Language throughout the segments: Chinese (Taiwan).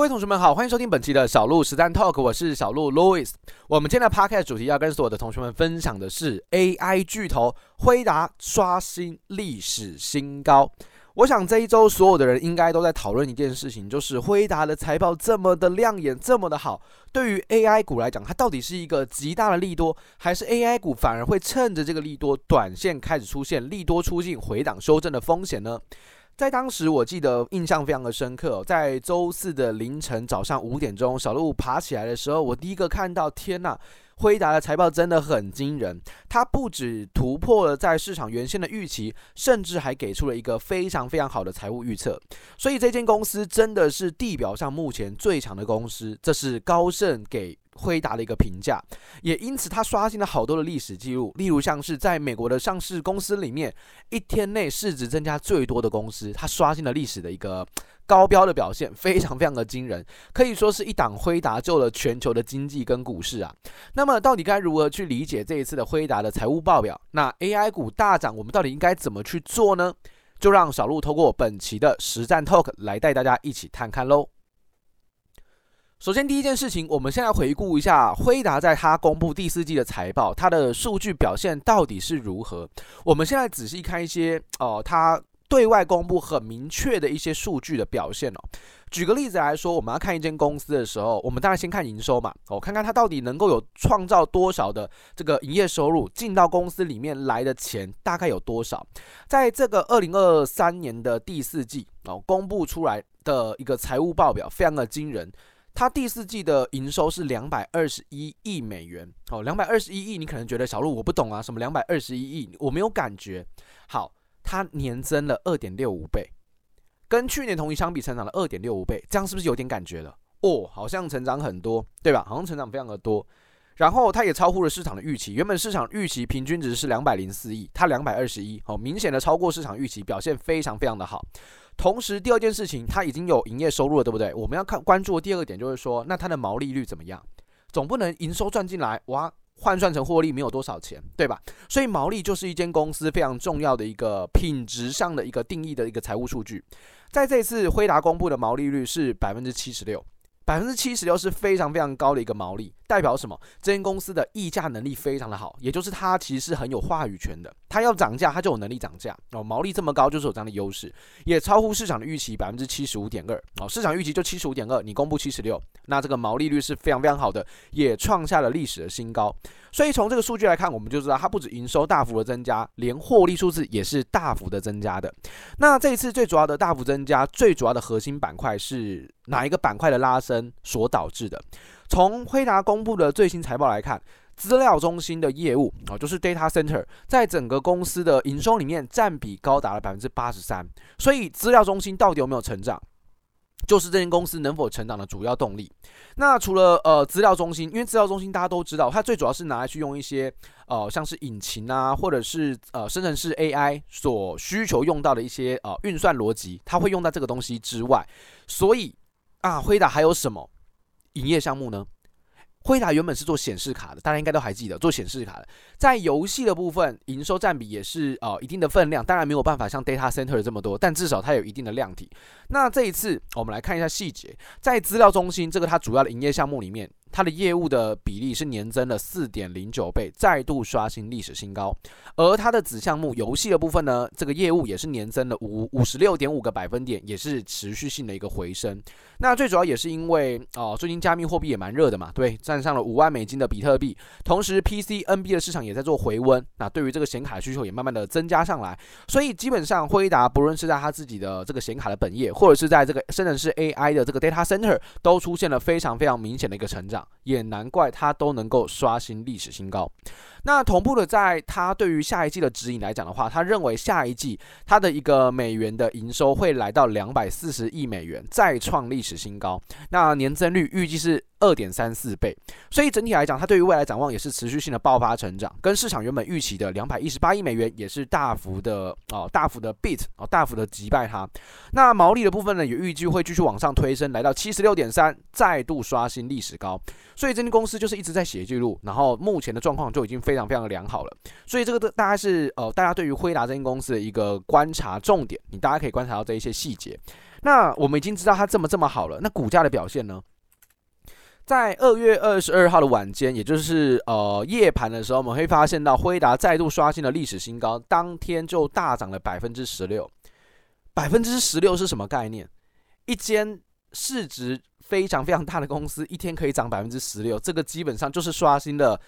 各位同學們好，歡迎收聽本期的小鹿實戰 Talk，我是小鹿 Louis。我們今天的 Podcast 主題要跟所有的同學們分享的是 AI 巨頭輝達刷新歷史新高。我想這一周所有的人應該都在討論一件事情，就是輝達的財報這麼的亮眼，這麼的好。對於 AI 股來講，它到底是一個極大的利多，還是 AI 股反而會趁着這個利多，短線開始出現利多出盡、回檔修正的風險呢？在當時，我記得印象非常的深刻、哦。在周四的凌晨，早上五點鐘，小鹿爬起來的時候，我第一個看到。天吶，輝達的財報真的很驚人。它不只突破了在市場原先的預期，甚至還給出了一個非常非常好的財務預測。所以這間公司真的是地表上目前最強的公司。這是高盛給輝達的一個評價，也因此它刷新了好多的歷史記錄，例如像是在美國的上市公司裡面，一天內市值增加最多的公司，它刷新了歷史的一個高標的表現，非常非常的驚人，可以說是一檔輝達救了全球的經濟跟股市啊。那麼到底該如何去理解這一次的輝達的財務報表？那 AI 股大漲，我們到底應該怎麼去做呢？就讓小鹿透過本期的實戰 Talk 來帶大家一起探看嘍。首先，第一件事情，我們先來回顧一下輝達在它公布第四季的財報，它的數據表現到底是如何？我們現在仔細看一些，哦、呃，它對外公布很明確的一些數據的表現哦。舉個例子來說，我們要看一間公司的時候，我們當然先看營收嘛，哦，看看它到底能夠有創造多少的這個營業收入，進到公司裡面來的錢大概有多少。在這個二零二三年的第四季哦，公布出來的一個財務報表非常的驚人。它第四季的營收是兩百二十一億美元，哦兩百二十一億，你可能覺得小路我不懂啊，什麼兩百二十一億，我沒有感覺。好，它年增了二點六五倍，跟去年同期相比，成長了二點六五倍，這樣是不是有點感覺了？哦，好像成長很多，對吧？好像成長非常的多。然後它也超乎了市場的預期，原本市場預期平均值是兩百零四億，它兩百二十一，好，明顯的超過市場預期，表現非常非常的好。同時，第二件事情，它已經有營業收入了，對不對？我們要看關注的第二個點就是說，那它的毛利率怎麼樣？總不能營收賺進來，哇，換算成獲利沒有多少錢，對吧？所以毛利就是一間公司非常重要的一個品質上的一個定義的一個財務數據。在這次輝達公布的毛利率是百分之七十六。百分之七十六是非常非常高的一個毛利，代表什麼？這間公司的溢價能力非常的好，也就是它其實是很有話語權的。它要漲價，它就有能力漲價。哦，毛利這麼高，就是有這樣的優勢，也超乎市場的預期，百分之七十五點二。哦，市場預期就七十五點二，你公布七十六。那這個毛利率是非常非常好的，也創下了歷史的新高。所以從這個數據來看，我們就知道它不止營收大幅的增加，連獲利數字也是大幅的增加的。那這一次最主要的大幅增加，最主要的核心板塊是哪一個板塊的拉升所導致的？從輝達公布的最新財報來看，資料中心的業務啊，就是 data center，在整個公司的營收裡面佔比高達了百分之八十三。所以資料中心到底有沒有成長？就是這間公司能否成長的主要動力。那除了呃資料中心，因為資料中心大家都知道，它最主要是拿來去用一些呃像是引擎啊，或者是呃生成式 AI 所需求用到的一些呃運算邏輯，它會用到這個東西之外，所以啊，輝達還有什麼營業項目呢？輝達原本是做顯示卡的，大家應該都還記得，做顯示卡的，在遊戲的部分營收占比也是呃一定的分量，當然沒有辦法像 Data Center 這麼多，但至少它有一定的量體。那這一次我們來看一下細節，在資料中心這個它主要的營業項目裡面。它的業務的比例是年增了四點零九倍，再度刷新歷史新高。而它的子項目遊戲的部分呢，這個業務也是年增了五五十六點五個百分點，也是持續性的一個回升。那最主要也是因為哦，最近加密貨幣也蠻熱的嘛，對，站上了五萬美金的比特幣。同時，PC、NB 的市場也在做回溫，那對於這個顯卡的需求也慢慢的增加上來。所以基本上輝達不論是在它自己的這個顯卡的本業，或者是在這個生成式 AI 的這個 data center，都出現了非常非常明顯的一個成長。也難怪它都能夠刷新歷史新高。那同步的，在他對於下一季的指引來講的話，他認為下一季它的一個美元的營收會來到兩百四十億美元，再創歷史新高。那年增率預計是二點三四倍，所以整體來講，它對於未來展望也是持續性的爆發成長，跟市場原本預期的兩百一十八億美元也是大幅的哦、呃，大幅的 beat 哦，大幅的擊敗它。那毛利的部分呢，也預計會繼續往上推升，來到七十六點三，再度刷新歷史高。所以這間公司就是一直在寫紀錄，然後目前的狀況就已經非常非常的良好了。所以這個大概是呃，大家對於輝達這間公司的一個觀察重點，你大家可以觀察到這一些細節。那我們已經知道它這麼這麼好了，那股價的表現呢？在二月二十二號的晚間，也就是呃夜盤的時候，我們會發現到輝達再度刷新了歷史新高，當天就大漲了百分之十六。百分之十六是什麼概念？一間市值非常非常大的公司，一天可以漲百分之十六，這個基本上就是刷新了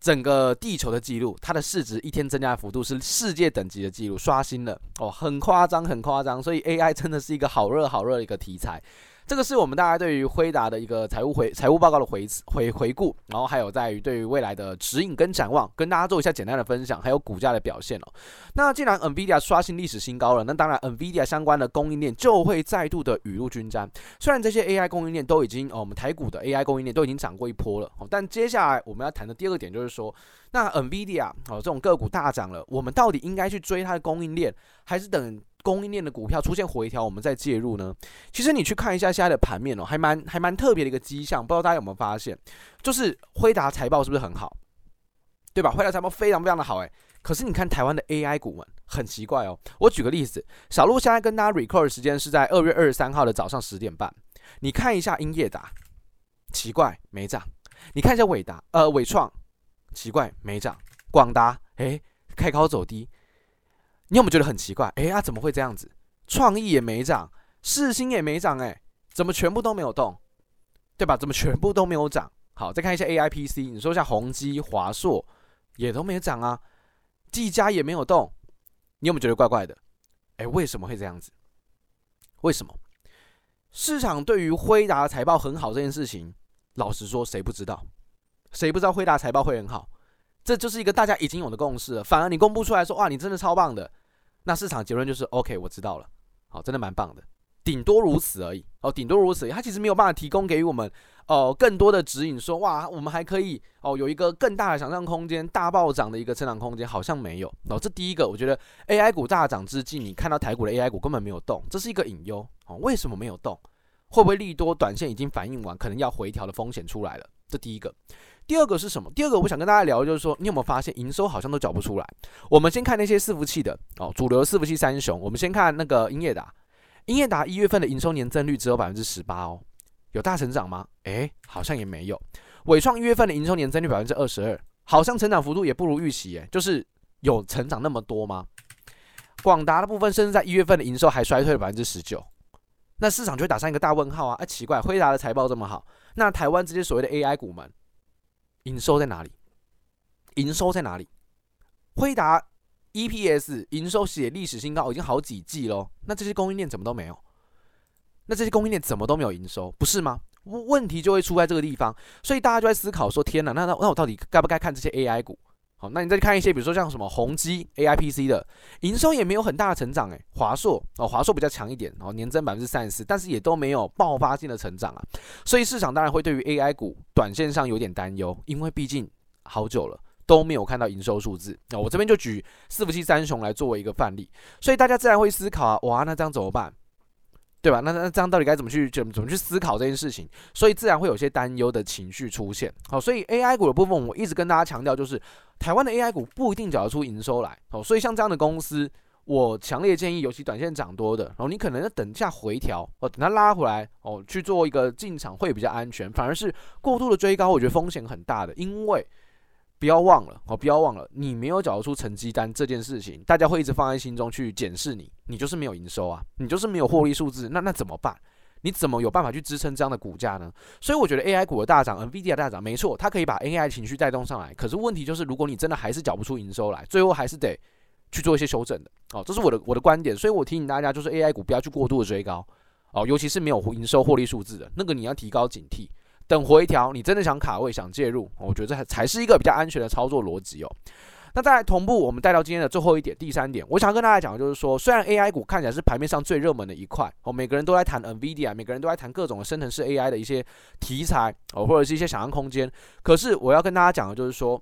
整個地球的記錄。它的市值一天增加的幅度是世界等級的記錄，刷新了哦，很誇張，很誇張。所以 AI 真的是一個好熱好熱的一個題材。這個是我們大家對於輝達的一個財務回財務報告的回回回顧，然後還有在於對於未來的指引跟展望，跟大家做一下簡單的分享，還有股價的表現哦。那既然 Nvidia 刷新歷史新高了，那當然 Nvidia 相關的供應鏈就會再度的雨露均沾。雖然這些 AI 供應鏈都已經哦，我們台股的 AI 供應鏈都已經漲過一波了哦，但接下來我們要談的第二個點就是說，那 Nvidia 哦，這種個股大漲了，我們到底應該去追它的供應鏈，還是等？供應鏈的股票出現回調，我們再介入呢？其實你去看一下現在的盤面哦、喔，還蠻還蠻特別的一個跡象，不知道大家有沒有發現？就是輝達財報是不是很好，對吧？輝達財報非常非常的好哎、欸，可是你看台灣的 AI 股們很奇怪哦、喔。我舉個例子，小鹿現在跟大家 record 的時間是在二月二十三號的早上十點半，你看一下英業達，奇怪沒漲；你看一下偉達呃偉創，奇怪沒漲；廣達哎開高走低。你有沒有覺得很奇怪？哎、欸，呀、啊、怎麼會這樣子？創意也沒漲，世芯也沒漲，哎，怎麼全部都沒有動？對吧？怎麼全部都沒有漲？好，再看一下 A I P C，你說一下，宏碁、華碩也都沒漲啊，技嘉也沒有動。你有沒有覺得怪怪的？哎、欸，為什麼會這樣子？為什麼市場對於輝達財報很好這件事情，老實說，誰不知道？誰不知道輝達財報會很好？這就是一個大家已經有的共識了，反而你公布出來說哇，你真的超棒的，那市場結論就是 OK，我知道了，好、哦，真的蠻棒的，頂多如此而已。哦，頂多如此而已，它其實沒有辦法提供給我們哦更多的指引說，說哇，我們還可以哦有一個更大的想象空間、大暴漲的一個成長空間，好像沒有哦。這第一個，我覺得 AI 股大漲之際，你看到台股的 AI 股根本沒有動，這是一個隱憂哦。為什麼沒有動？會不會利多短線已經反映完，可能要回調的風險出來了？這第一個。第二個是什麼？第二個我想跟大家聊的，就是說你有沒有發現營收好像都找不出來？我們先看那些伺服器的哦，主流伺服器三雄，我們先看那個英業達，英業達一月份的營收年增率只有百分之十八哦，有大成長嗎？誒、欸，好像也沒有。緯創一月份的營收年增率百分之二十二，好像成長幅度也不如預期，誒，就是有成長那麼多嗎？廣達的部分甚至在一月份的營收還衰退了百分之十九，那市場就會打上一個大問號啊！哎、欸，奇怪，輝達的財報這麼好，那台灣這些所謂的 AI 股們？營收在哪裡？營收在哪裡？輝達 EPS 營收寫歷史新高，哦，已經好幾季嘍。那這些供應鏈怎麼都沒有？那這些供應鏈怎麼都沒有營收？不是嗎？問問題就會出在這個地方。所以大家就在思考說：天哪，那那那我到底該不該看這些 AI 股？好、哦，那你再看一些，比如說像什麼宏基 AIPC 的營收也沒有很大的成長哎，華碩哦，華碩比較強一點，哦，年增百分之三十四，但是也都沒有爆發性的成長啊，所以市場當然會對於 AI 股短線上有點擔憂，因為畢竟好久了都沒有看到營收數字那、哦、我這邊就舉伺服器三雄來作為一個範例，所以大家自然會思考啊，哇，那這樣怎麼辦？對吧？那那這樣到底該怎麼去怎麼怎麼去思考這件事情？所以自然會有些擔憂的情緒出現。好，哦，所以 AI 股的部分，我一直跟大家強調，就是台灣的 AI 股不一定交得出營收來。好，哦，所以像這樣的公司，我強烈建議，尤其短線漲多的，然後，哦，你可能要等一下回調，哦，等它拉回來，哦，去做一個進場會比較安全。反而是過度的追高，我覺得風險很大的，因為。不要忘了哦，不要忘了，你沒有繳出成績單這件事情，大家會一直放在心中去檢視你。你就是沒有營收啊，你就是沒有獲利數字，那那怎麼辦？你怎麼有辦法去支撐這樣的股價呢？所以我覺得 AI 股的大漲，NVIDIA 大漲，沒錯，它可以把 AI 情緒帶動上來。可是問題就是，如果你真的還是繳不出營收來，最後還是得去做一些修正的哦。這是我的我的觀點，所以我提醒大家，就是 AI 股不要去過度的追高哦，尤其是沒有營收獲利數字的那個，你要提高警惕。等回調，你真的想卡位、想介入，哦，我覺得這才才是一個比較安全的操作邏輯哦。那再來同步，我們帶到今天的最後一點，第三點，我想跟大家講的就是說，雖然 AI 股看起來是盤面上最熱門的一塊哦，每個人都在談 NVIDIA，每個人都在談各種生成式 AI 的一些題材哦，或者是一些想象空間。可是我要跟大家講的就是說，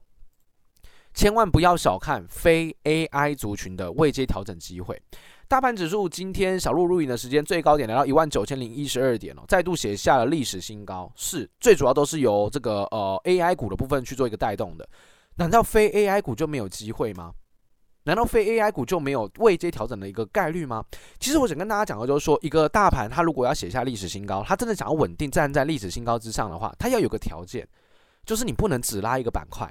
千萬不要小看非 AI 族群的位階調整機會。大盤指數今天小鹿錄影的時間最高點來到一萬九千零一十二點哦，再度寫下了歷史新高。是最主要都是由這個呃 AI 股的部分去做一個帶動的。難道非 AI 股就沒有機會嗎？難道非 AI 股就沒有位階調整的一個概率嗎？其實我想跟大家講的，就是說一個大盤它如果要寫下歷史新高，它真的想要穩定站在歷史新高之上的話，它要有個條件，就是你不能只拉一個板塊，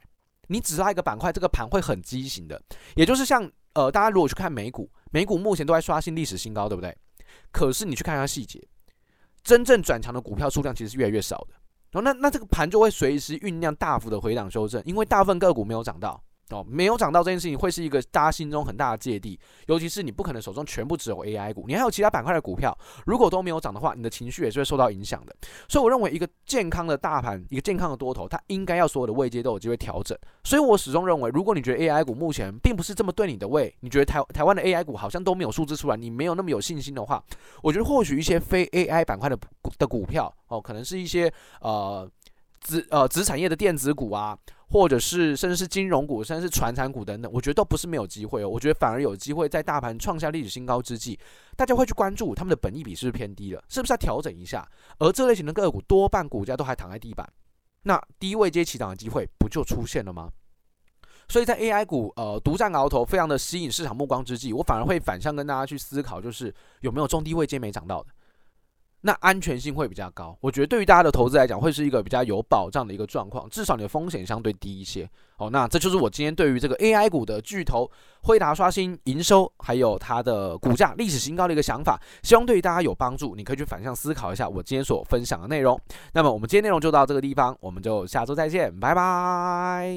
你只拉一個板塊，這個盤會很畸形的。也就是像呃大家如果去看美股。美股目前都在刷新歷史新高，對不對？可是你去看一下細節，真正轉強的股票數量其實越來越少的。然後那，那那這個盤就會隨時醞釀大幅的回檔修正，因為大部分個股沒有漲到。哦，沒有漲到這件事情會是一個大家心中很大的芥蒂，尤其是你不可能手中全部只有 AI 股，你還有其他板塊的股票，如果都沒有漲的話，你的情緒也是會受到影響的。所以我認為一個健康的大盤，一個健康的多頭，它應該要所有的位階都有機會調整。所以我始終認為，如果你覺得 AI 股目前並不是這麼對你的位，你覺得台台灣的 AI 股好像都沒有數字出來，你沒有那麼有信心的話，我覺得或許一些非 AI 板塊的股的股票，哦，可能是一些呃，子呃子產業的電子股啊。或者是甚至是金融股，甚至是傳產股等等，我覺得都不是沒有機會哦。我覺得反而有機會在大盤創下歷史新高之際，大家會去關注他們的本益比是不是偏低了，是不是要調整一下。而這類型的個股多半股價都還躺在地板，那低位階起漲的機會不就出現了嗎？所以在 AI 股呃獨占鰲頭，非常的吸引市場目光之際，我反而會反向跟大家去思考，就是有沒有中低位階沒漲到的。那安全性會比較高，我覺得對於大家的投資來講，會是一個比較有保障的一個狀況，至少你的風險相對低一些。好、哦，那這就是我今天對於這個 AI 股的巨頭輝達刷新營收，還有它的股價歷史新高的一個想法，希望對於大家有幫助。你可以去反向思考一下我今天所分享的內容。那麼我們今天內容就到這個地方，我們就下週再見，拜拜。